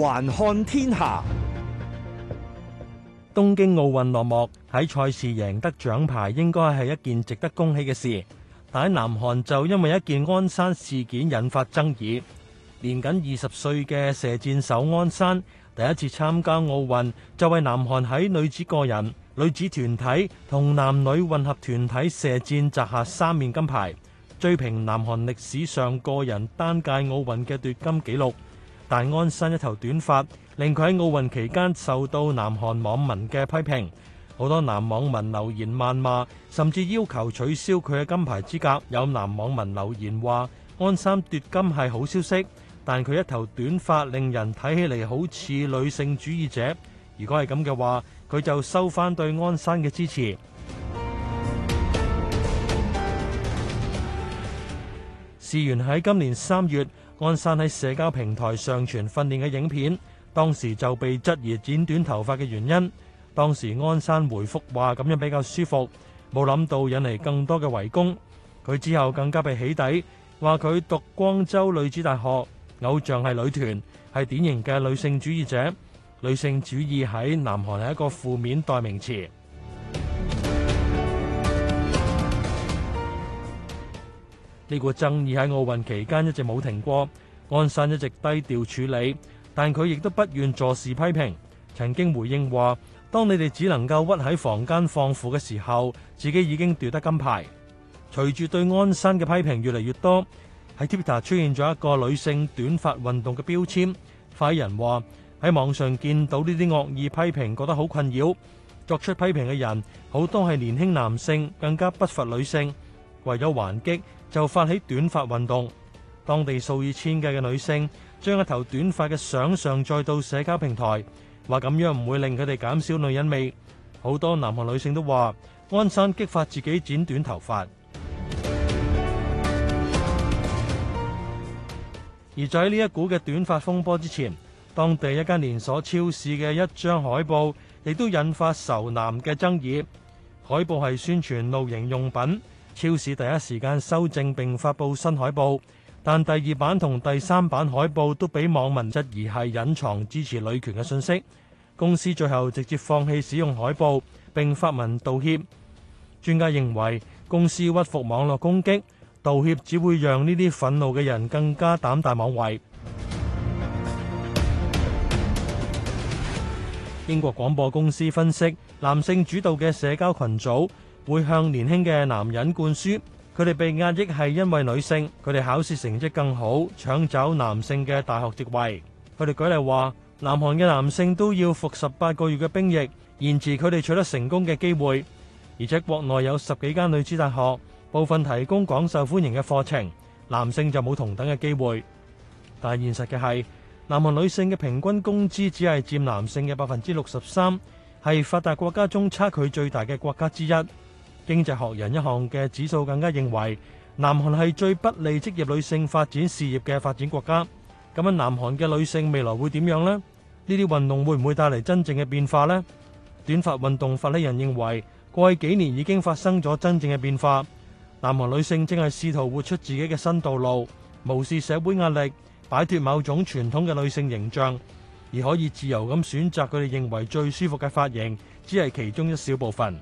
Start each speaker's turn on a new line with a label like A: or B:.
A: 環看天下，東京奧運落幕，喺賽事贏得獎牌應該係一件值得恭喜嘅事，但喺南韓就因為一件安山事件引發爭議。年僅二十歲嘅射箭手安山，第一次參加奧運就為南韓喺女子個人、女子團體同男女混合團體射箭摘下三面金牌，追平南韓歷史上個人單屆奧運嘅奪金紀錄。但安山一頭短髮令佢喺奧運期間受到南韓網民嘅批評，好多男網民留言謾罵，甚至要求取消佢嘅金牌資格。有男網民留言話：安山奪金係好消息，但佢一頭短髮令人睇起嚟，好似女性主義者。如果係咁嘅話，佢就收返對安山嘅支持。 事緣喺今年三月。安山喺社交平台上傳訓練嘅影片，當時就被質疑剪短頭髮嘅原因。當時安山回覆話咁樣比較舒服，冇諗到引嚟更多嘅圍攻。佢之後更加被起底，話佢讀光州女子大學，偶像係女團，係典型嘅女性主義者。女性主義喺南韓係一個負面代名詞。呢個爭議喺奧運期間一直冇停過，安山一直低調處理，但佢亦都不願坐視批評。曾經回應話：當你哋只能夠屈喺房間放負嘅時候，自己已經奪得金牌。隨住對安山嘅批評越嚟越多，喺 Twitter 出現咗一個女性短髮運動嘅標籤。快人話喺網上見到呢啲惡意批評，覺得好困擾。作出批評嘅人好多係年輕男性，更加不乏女性。為咗還擊，就發起短髮運動，當地數以千計嘅女性將一頭短髮嘅相上載到社交平台，話咁樣唔會令佢哋減少女人味。好多南韓女性都話，安山激發自己剪短頭髮。 而在呢一股嘅短髮風波之前，當地一間連鎖超市嘅一張海報亦都引發仇男嘅爭議。海報係宣傳露營用品。超市第一時間修正並發布新海報，但第二版同第三版海報都俾網民質疑係隱藏支持女權嘅信息。公司最後直接放棄使用海報並發文道歉。專家認為公司屈服網絡攻擊，道歉只會讓呢啲憤怒嘅人更加膽大妄為。英國廣播公司分析，男性主導嘅社交群組，會向年輕嘅男人灌輸，佢哋被壓抑係因為女性，佢哋考試成績更好，搶走男性嘅大學席位。佢哋舉例話，南韓嘅男性都要服十八個月嘅兵役，延遲佢哋取得成功嘅機會。而且國內有十幾間女子大學，部分提供廣受歡迎嘅課程，男性就冇同等嘅機會。但係現實嘅係，南韓女性嘅平均工資只係佔男性嘅百分之六十三，係發達國家中差距最大嘅國家之一。《經濟學人》一項嘅指數更加認為，南韓係最不利職業女性發展事業嘅發展國家。咁樣南韓嘅女性未來會點樣呢？呢啲運動會唔會帶嚟真正嘅變化呢？短髮運動發起人認為，過去幾年已經發生咗真正嘅變化。南韓女性正係試圖活出自己嘅新道路，無視社會壓力，擺脱某種傳統嘅女性形象，而可以自由咁選擇佢哋認為最舒服嘅髮型，只係其中一小部分。